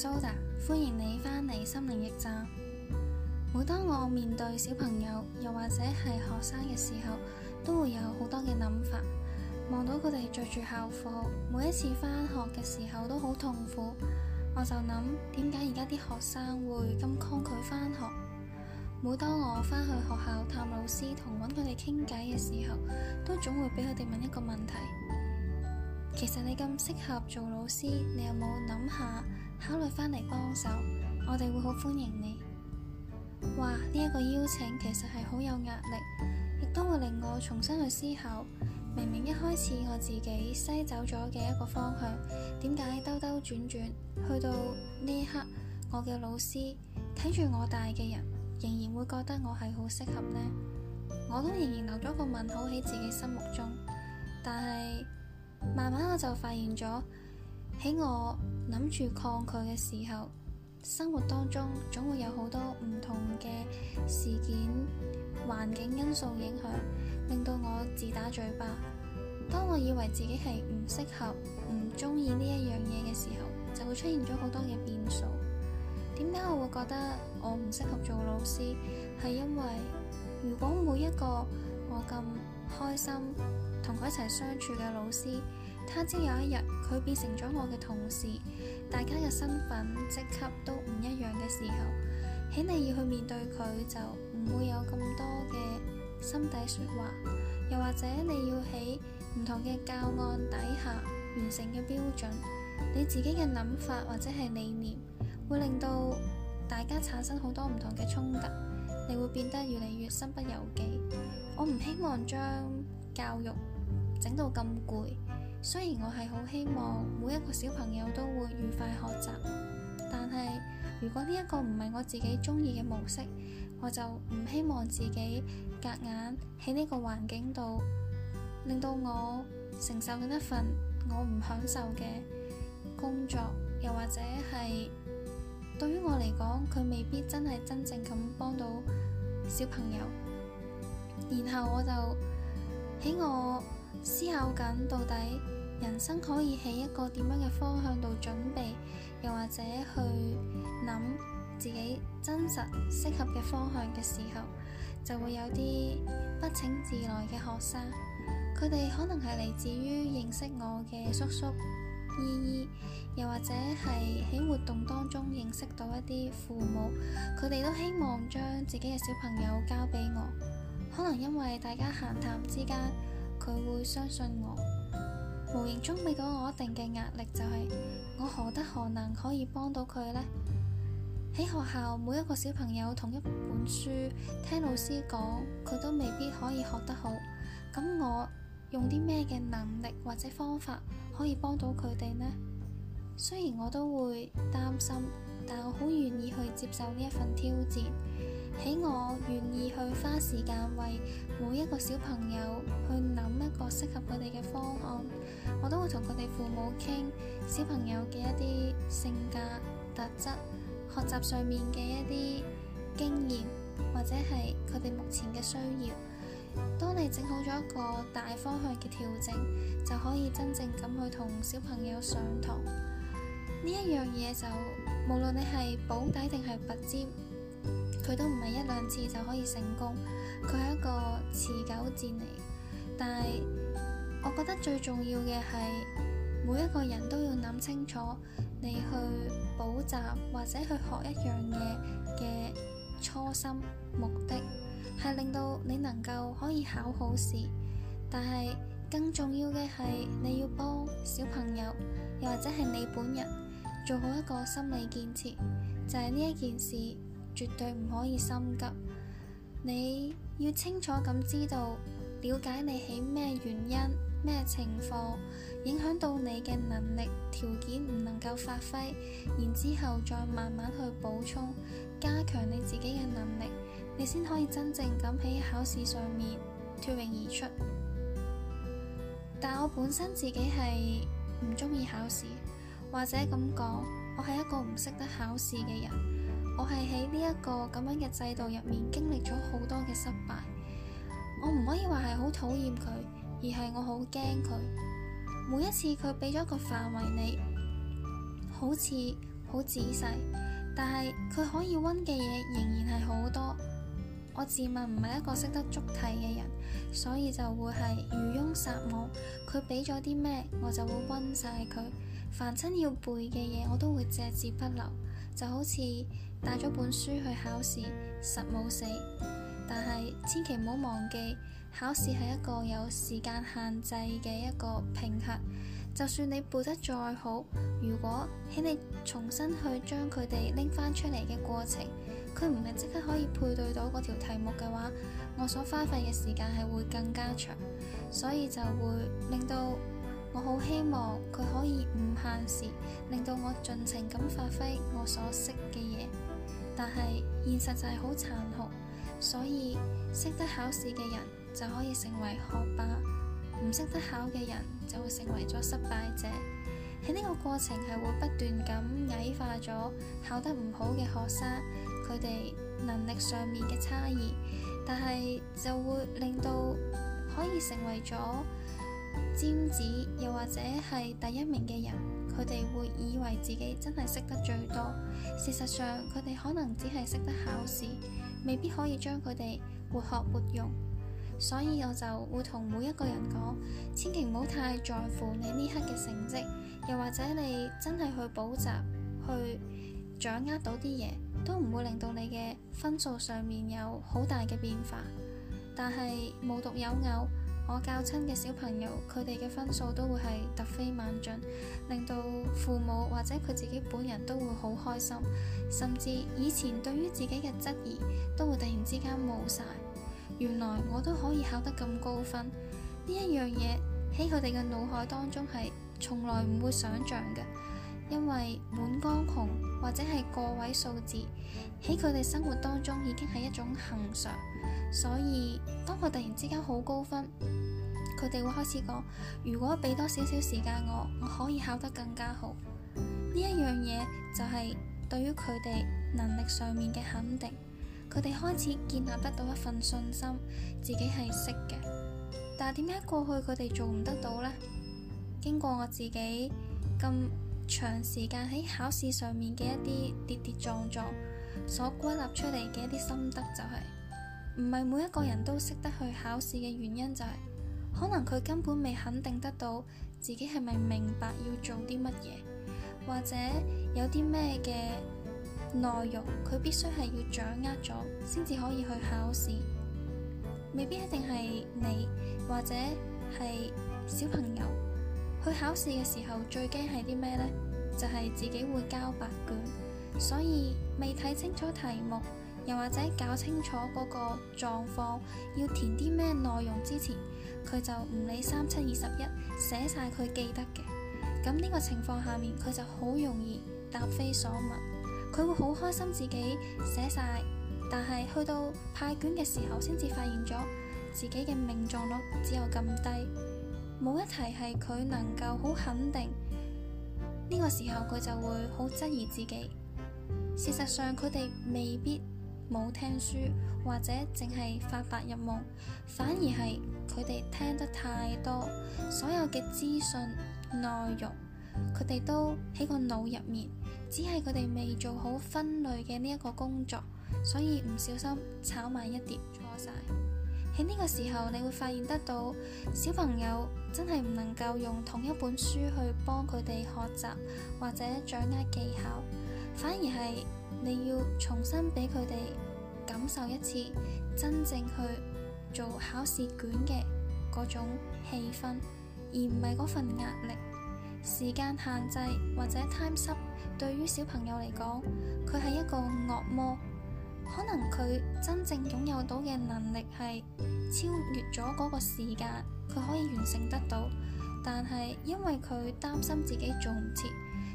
Soda，歡迎你返嚟心靈驛站。每當我面對小朋友，又或者係學生嘅時候，都會有好多嘅諗法。望到佢哋着住校服，每一次返學嘅時候都好痛苦。我就諗，點解而家啲學生會咁抗拒返學？每當我返去學校探老師同揾佢哋傾偈嘅時候，都總會俾佢哋問一個問題。其實你咁適合做老師，你有冇諗下考慮返嚟幫手？我哋會好歡迎你。哇！呢一個邀請其實係好有壓力，亦都會令我重新去思考。明明一開始我自己西走咗嘅一個方向，點解兜兜轉轉去到呢一刻，我嘅老師睇住我大嘅人，仍然會覺得我係好適合呢？我都仍然留咗個問號喺自己心目中，但係。慢慢我就發現咗，喺我諗住抗拒嘅時候，生活當中總會有好多唔同嘅事件、環境因素影響，令到我自打嘴巴。當我以為自己係唔適合、唔鍾意呢一樣嘢嘅時候，就會出現咗好多嘅變數。點解我會覺得我唔適合做老師？係因為如果每一個我咁開心。同佢一齊相處嘅老師，他朝有一日佢變成咗我嘅同事，大家嘅身份職級都唔一樣嘅時候，喺你要去面對佢，就唔會有咁多嘅心底說話。又或者你要喺唔同嘅教案底下完成嘅標準，你自己嘅諗法或者係理念，會令到大家產生好多唔同嘅衝突，你會變得越嚟越身不由己。我唔希望將教育。整到咁攰，雖然我係好希望每一個小朋友都會愉快學習，但係如果呢一個唔係我自己中意嘅模式，我就唔希望自己夾硬喺呢個環境度令到我承受緊一份我唔享受嘅工作，又或者係對於我嚟講佢未必真係真正咁幫到小朋友。然後我就喺我。思考緊到底人生可以喺一個點樣嘅方向度準備，又或者去諗自己真實適合嘅方向嘅時候，就會有啲不請自來嘅學生。佢哋可能係嚟自於認識我嘅叔叔、姨姨，又或者係喺活動當中認識到一啲父母，佢哋都希望將自己嘅小朋友交俾我。可能因為大家閒談之間，佢會相信我，無形中俾到我一定嘅壓力，就係，就係我何德何能可以幫到佢呢？喺學校每一個小朋友同一本書，聽老師講，佢都未必可以學得好。咁我用啲咩嘅能力或者方法可以幫到佢哋呢？雖然我都會擔心，但我好願意去接受呢一份挑戰。喺我願意去花時間為每一個小朋友去諗一個適合佢哋嘅方案，我都會同佢哋父母傾小朋友嘅一啲性格特質、學習上面嘅一啲經驗，或者係佢哋目前嘅需要。當你整好咗一個大方向嘅調整，就可以真正咁去同小朋友上堂。呢一樣嘢就無論你係保底定係拔尖。佢都唔係一兩次就可以成功，佢係一個持久戰嚟。但係我覺得最重要嘅係每一個人都要諗清楚，你去補習或者去學一樣嘢嘅初心目的係令到你能夠可以考好試。但係更重要嘅係你要幫小朋友又或者係你本人做好一個心理建設，就係呢一件事。絕對唔可以心急，你要清楚咁知道，了解你起咩原因、咩情況影響到你嘅能力條件，唔能夠發揮，然之後再慢慢去補充、加強你自己嘅能力，你先可以真正咁喺考試上面脫穎而出。但我本身自己係唔中意考試，或者咁講，我係一個唔識得考試嘅人。我係喺呢一個咁樣嘅制度入面經歷咗好多嘅失敗。我唔可以話係好討厭佢，而係我好驚佢。每一次佢俾咗個範圍你，好似好仔細，但係佢可以溫嘅嘢仍然係好多。我自問唔係一個識得捉題嘅人，所以就會係漁翁撒網。佢俾咗啲咩，我就會溫晒佢。凡親要背嘅嘢，我都會借字不留，就好似。帶咗本書去考試，實冇死，但係千祈唔好忘記考試係一個有時間限制嘅一個拼合。就算你背得再好，如果喺你重新去將佢哋拎翻出嚟嘅過程，佢唔係即刻可以配對到嗰條題目嘅話，我所花費嘅時間係會更加長，所以就會令到我好希望佢可以唔限時，令到我盡情咁發揮我所識嘅嘢。但係現實就係好殘酷，所以識得考試嘅人就可以成為學霸，唔識得考嘅人就會成為咗失敗者。喺呢個過程係會不斷咁矮化咗考得唔好嘅學生，佢哋能力上面嘅差異，但係就會令到可以成為咗。尖子，又或者係第一名嘅人，佢哋會以為自己真係識得最多。事實上，佢哋可能只係識得考試，未必可以將佢哋活學活用。所以我就會同每一個人講，千祈唔好太在乎你呢刻嘅成績，又或者你真係去補習，去掌握到啲嘢，都唔會令到你嘅分數上面有好大嘅變化。但係無獨有偶。我教親嘅小朋友，佢哋嘅分數都會係突飛猛進，令到父母或者佢自己本人都會好開心，甚至以前對於自己嘅質疑都會突然之間冇晒。原來我都可以考得咁高分，呢一樣嘢喺佢哋嘅腦海當中係從來唔會想象嘅，因為滿江紅或者係個位數字，喺佢哋生活當中已經係一種恆常。所以，當我突然之間好高分，佢哋會開始講：如果俾多少少時間我，我可以考得更加好。呢一樣嘢就係對於佢哋能力上面嘅肯定，佢哋開始建立得到一份信心，自己係識嘅。但係點解過去佢哋做唔得到呢？經過我自己咁長時間喺考試上面嘅一啲跌跌撞撞，所歸納出嚟嘅一啲心得就係、是。唔係每一個人都識得去考試嘅原因就係，可能佢根本未肯定得到自己係咪明白要做啲乜嘢，或者有啲咩嘅內容佢必須係要掌握咗，先至可以去考試。未必一定係你或者係小朋友去考試嘅時候最驚係啲咩呢？就係自己會交白卷，所以未睇清楚題目。又或者搞清楚嗰個狀況，要填啲咩內容之前，佢就唔理三七二十一，寫晒佢記得嘅。咁呢個情況下面，佢就好容易答非所問，佢會好開心自己寫晒，但係去到派卷嘅時候，先至發現咗自己嘅命中率只有咁低，冇一題係佢能夠好肯定。呢個時候佢就會好質疑自己。事實上，佢哋未必。冇聽書或者淨係發白日夢，反而係佢哋聽得太多，所有嘅資訊內容，佢哋都喺個腦入面，只係佢哋未做好分類嘅呢一個工作，所以唔小心炒埋一碟，錯晒。喺呢個時候，你會發現得到小朋友真係唔能夠用同一本書去幫佢哋學習或者掌握技巧，反而係。你要重新俾佢哋感受一次真正去做考試卷嘅嗰種氣氛，而唔係嗰份壓力、時間限制或者 time up。對於小朋友嚟講，佢係一個惡魔。可能佢真正擁有到嘅能力係超越咗嗰個時間，佢可以完成得到。但係因為佢擔心自己做唔切，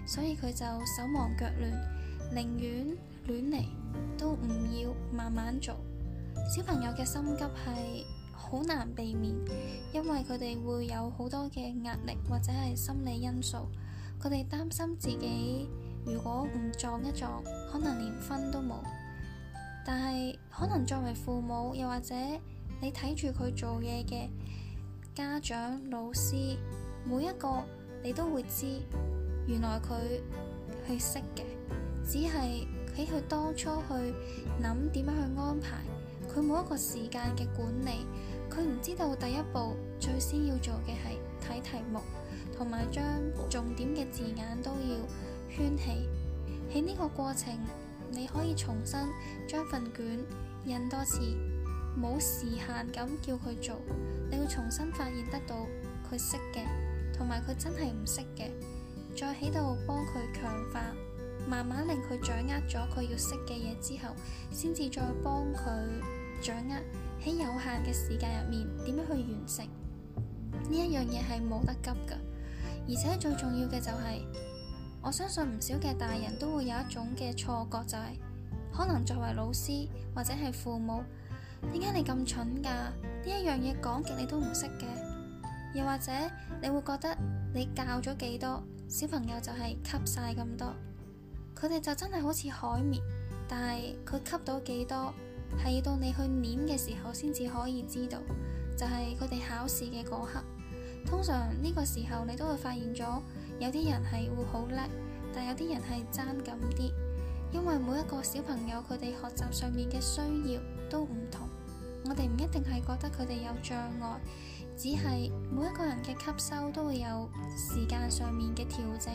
所以佢就手忙腳亂。寧願亂嚟都唔要慢慢做。小朋友嘅心急係好難避免，因為佢哋會有好多嘅壓力或者係心理因素。佢哋擔心自己如果唔撞一撞，可能連分都冇。但係可能作為父母，又或者你睇住佢做嘢嘅家長、老師，每一個你都會知，原來佢係識嘅。只係喺佢當初去諗點樣去安排，佢冇一個時間嘅管理，佢唔知道第一步最先要做嘅係睇題目，同埋將重點嘅字眼都要圈起。喺呢個過程，你可以重新將份卷印多次，冇時限咁叫佢做，你要重新發現得到佢識嘅，同埋佢真係唔識嘅，再喺度幫佢強化。慢慢令佢掌握咗佢要識嘅嘢，之後，先至再幫佢掌握喺有限嘅時間入面點樣去完成呢一樣嘢，係冇得急噶而且最重要嘅就係我相信唔少嘅大人都會有一種嘅錯覺，就係可能作為老師或者係父母，點解你咁蠢噶？呢一樣嘢講極你都唔識嘅，又或者你會覺得，你教咗幾多小朋友就係吸晒咁多。佢哋就真係好似海綿，但係佢吸到幾多，係要到你去諗嘅時候先至可以知道。就係佢哋考試嘅嗰刻，通常呢個時候你都會發現咗有啲人係會好叻，但有啲人係爭咁啲，因為每一個小朋友佢哋學習上面嘅需要都唔同，我哋唔一定係覺得佢哋有障礙，只係每一個人嘅吸收都會有時間上面嘅調整。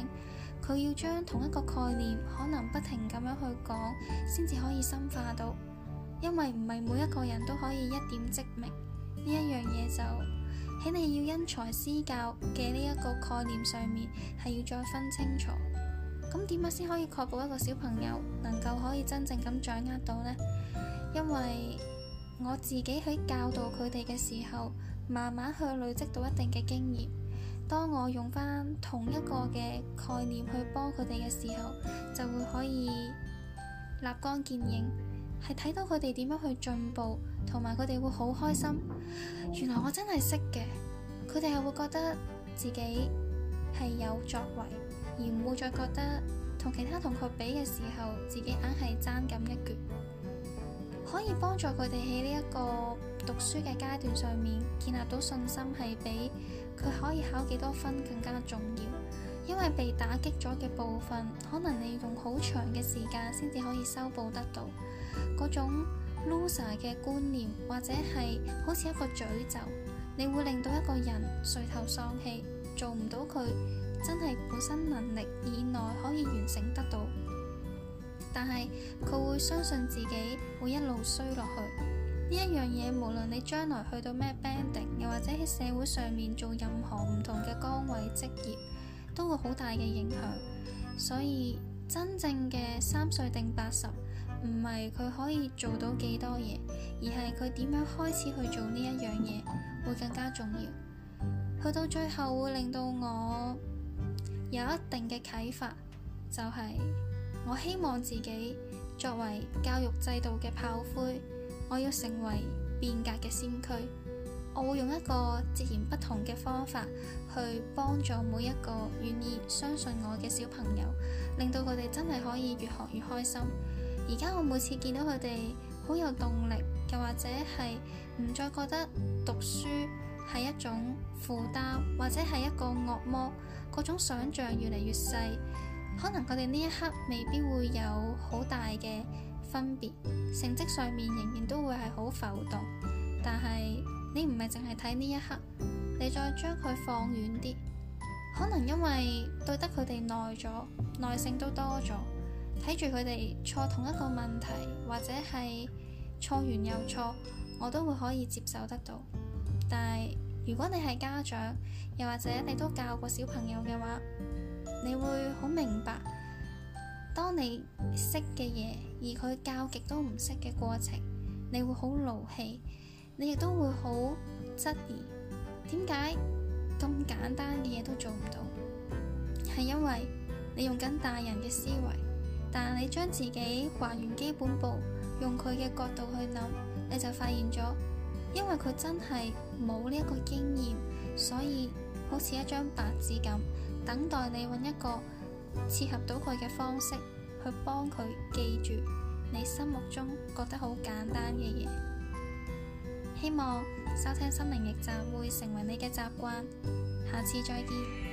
佢要將同一個概念可能不停咁樣去講，先至可以深化到，因為唔係每一個人都可以一點即明呢一樣嘢。就喺你要因材施教嘅呢一個概念上面，係要再分清楚。咁點樣先可以確保一個小朋友能夠可以真正咁掌握到呢？因為我自己喺教導佢哋嘅時候，慢慢去累積到一定嘅經驗。當我用翻同一個嘅概念去幫佢哋嘅時候，就會可以立竿見影，係睇到佢哋點樣去進步，同埋佢哋會好開心。原來我真係識嘅，佢哋又會覺得自己係有作為，而唔會再覺得同其他同學比嘅時候，自己硬係爭咁一攰，可以幫助佢哋喺呢一個讀書嘅階段上面建立到信心，係比，佢可以考幾多分更加重要，因為被打擊咗嘅部分，可能你用好長嘅時間先至可以修補得到。嗰種 loser 嘅觀念，或者係好似一個詛咒，你會令到一個人垂頭喪氣，做唔到佢真係本身能力以內可以完成得到，但係佢會相信自己會一路衰落去。呢一樣嘢，無論你將來去到咩 banding，又或者喺社會上面做任何唔同嘅崗位職業，都會好大嘅影響。所以真正嘅三歲定八十，唔係佢可以做到幾多嘢，而係佢點樣開始去做呢一樣嘢，會更加重要。去到最後會令到我有一定嘅啟發，就係我希望自己作為教育制度嘅炮灰。我要成為變革嘅先驅，我會用一個截然不同嘅方法去幫助每一個願意相信我嘅小朋友，令到佢哋真係可以越學越開心。而家我每次見到佢哋好有動力，又或者係唔再覺得讀書係一種負擔，或者係一個惡魔，嗰種想像越嚟越細，可能佢哋呢一刻未必會有好大嘅分別成績上面仍然都會係好浮動，但係你唔係淨係睇呢一刻，你再將佢放遠啲，可能因為對得佢哋耐咗，耐性都多咗，睇住佢哋錯同一個問題或者係錯完又錯，我都會可以接受得到。但係如果你係家長，又或者你都教過小朋友嘅話，你會好明白。當你識嘅嘢，而佢教極都唔識嘅過程，你會好勞氣，你亦都會好質疑點解咁簡單嘅嘢都做唔到？係因為你用緊大人嘅思維，但你將自己還原基本步，用佢嘅角度去諗，你就發現咗，因為佢真係冇呢一個經驗，所以好似一張白紙咁，等待你揾一個。切合到佢嘅方式，去幫佢記住你心目中覺得好簡單嘅嘢。希望收聽心靈驛站會成為你嘅習慣。下次再見。